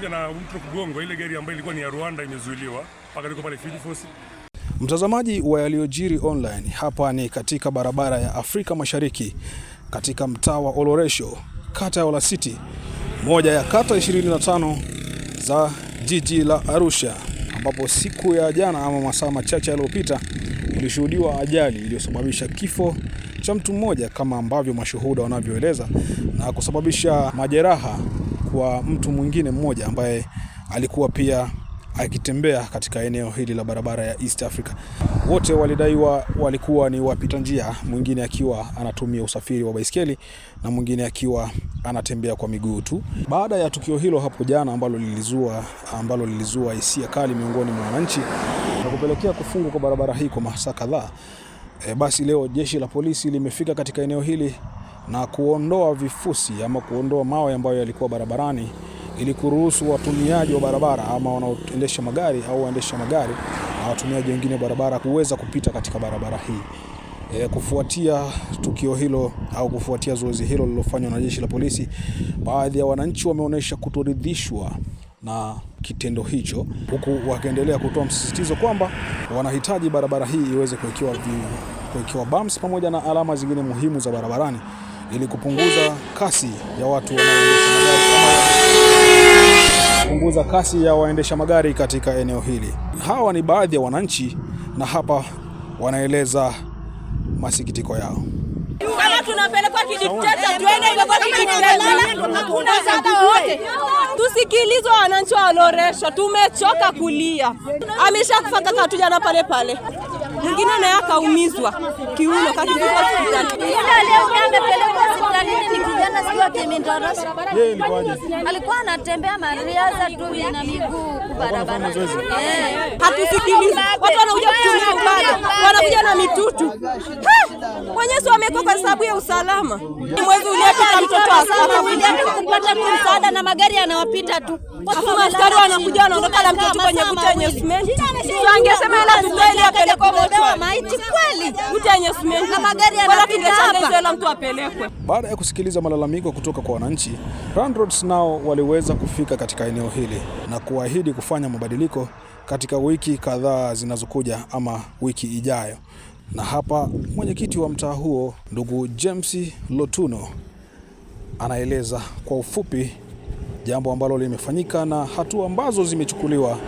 pamoja na mtu kugongwa, ile gari ambayo ilikuwa ni ya Rwanda imezuiliwa mpaka liko pale Field Force. Mtazamaji wa Yaliyojiri Online, hapa ni katika barabara ya Afrika Mashariki katika mtaa wa Oloresho, kata ya City, moja ya kata 25 za jiji la Arusha, ambapo siku ya jana ama masaa machache yaliyopita ilishuhudiwa ajali iliyosababisha kifo cha mtu mmoja kama ambavyo mashuhuda wanavyoeleza na kusababisha majeraha kwa mtu mwingine mmoja ambaye alikuwa pia akitembea katika eneo hili la barabara ya East Africa. Wote walidaiwa walikuwa ni wapita njia, mwingine akiwa anatumia usafiri wa baisikeli na mwingine akiwa anatembea kwa miguu tu. Baada ya tukio hilo hapo jana ambalo lilizua ambalo lilizua hisia kali miongoni mwa wananchi na kupelekea kufungwa kwa barabara hii kwa masaa kadhaa, e, basi leo jeshi la polisi limefika katika eneo hili na kuondoa vifusi ama kuondoa mawe ambayo yalikuwa barabarani ili kuruhusu watumiaji wa barabara ama wanaoendesha magari au waendesha magari na watumiaji wengine wa barabara kuweza kupita katika barabara hii. E, kufuatia tukio hilo au kufuatia zoezi hilo lilofanywa na jeshi la polisi, baadhi ya wananchi wameonyesha kutoridhishwa na kitendo hicho, huku wakiendelea kutoa msisitizo kwamba wanahitaji barabara hii iweze kuwekewa kuwekewa bumps pamoja na alama zingine muhimu za barabarani ili kupunguza kasi ya watu wanaoendesha kupunguza kasi ya waendesha magari katika eneo hili. Hawa ni baadhi ya wananchi, na hapa wanaeleza masikitiko yao. Tusikilizwe wananchi wa Loresha, tumechoka kulia. Ameshakufa kaka tujana pale pale mwingine naye akaumizwa kiuno kakivuka hospitali. Alikuwa anatembea mariaza tu na miguu barabara. Eh. Hatusikilizi watu wanakuja kutumia na mitutu Mwenyezi amekuwa kwa sababu ya usalama. Mwezi uliopita mtoto kupata tu msaada na magari yanawapita tu, askari wanakuja wanaondoka na mtoto kwenye kuta yenye simenti. Angesema ila tupeni apelekwe maiti kweli, kuta yenye simenti na magari yanapita hapa, ila mtu apelekwe. Baada ya kusikiliza malalamiko kutoka kwa wananchi, Landroads nao waliweza kufika katika eneo hili na kuahidi kufanya mabadiliko katika wiki kadhaa zinazokuja ama wiki ijayo. Na hapa mwenyekiti wa mtaa huo ndugu James Lotuno anaeleza kwa ufupi jambo ambalo limefanyika na hatua ambazo zimechukuliwa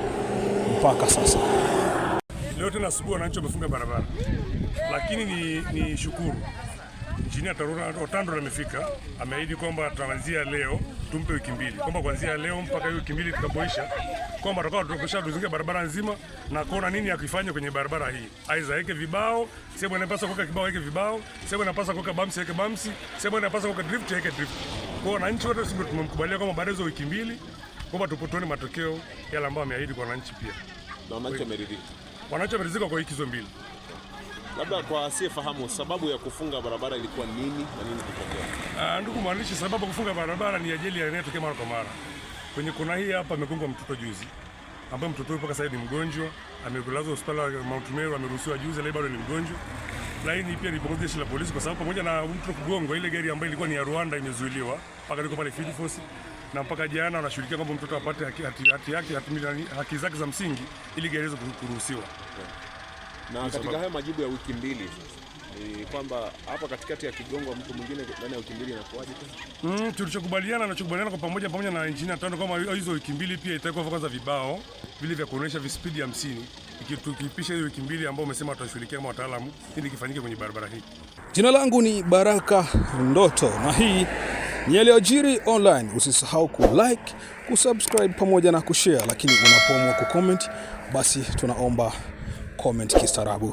mpaka sasa. Leo tena asubuhi wananchi wamefunga barabara, lakini ni, ni shukuru Injinia Tarura Otando amefika, ameahidi kwamba tutaanzia leo, tumpe wiki mbili, kwamba kuanzia leo mpaka hiyo wiki mbili itakapoisha, kwamba tutakuwa tunakwisha tuzinge barabara nzima na kuona nini ya akifanya kwenye barabara hii. Aiza aweke vibao, sebo inapaswa kuweka kibao aweke vibao, sebo inapaswa kuweka bumps aweke bumps, sebo inapaswa kuweka drift aweke drift. Kwa wananchi wote sisi tumemkubalia kwamba baada hizo wiki mbili kwamba tupotoni matokeo yale ambayo ameahidi kwa wananchi pia. Na wananchi wameridhika. Wananchi wameridhika kwa wiki hizo mbili. Labda kwa asiyefahamu sababu ya kufunga barabara ilikuwa nini na nini kutokea? kilitokea? Ah, ndugu mwandishi, sababu ya kufunga barabara ni ajali yanayotokea mara kwa mara. Kwenye kona hii hapa amegongwa mtoto juzi, ambaye mtoto huyo mpaka sasa ni mgonjwa, amelazwa hospitali ya Mount Meru, ameruhusiwa juzi, lakini bado ni mgonjwa. Lakini pia nilipongeza jeshi la polisi kwa sababu pamoja na mtu kugongwa, ile gari ambayo ilikuwa ni ya Rwanda imezuiliwa mpaka liko pale Field Force na mpaka jana wanashirikia kwamba mtoto apate haki, yake, haki, haki, haki, zake za msingi ili gari iweze kuruhusiwa na katika haya majibu ya wiki mbili ni kwamba hapa katikati ya Kigongo mtu mwingine ndani ya wiki mbili inakuaje? Mm, tulichokubaliana anachokubaliana kwa pamoja pamoja na injinia tano kama hizo wiki mbili pia itawekwa kwanza vibao vile vya kuonesha vispidi 50 tukipisha hiyo wiki mbili ambao umesema watashughulikia kama wataalamu ili kifanyike kwenye barabara hii. Jina langu ni Baraka Ndoto na hii ni Yaliyojiri Online. Usisahau ku like, ku subscribe pamoja na kushare, lakini unapoamua ku comment, basi tunaomba comment Kistarabu.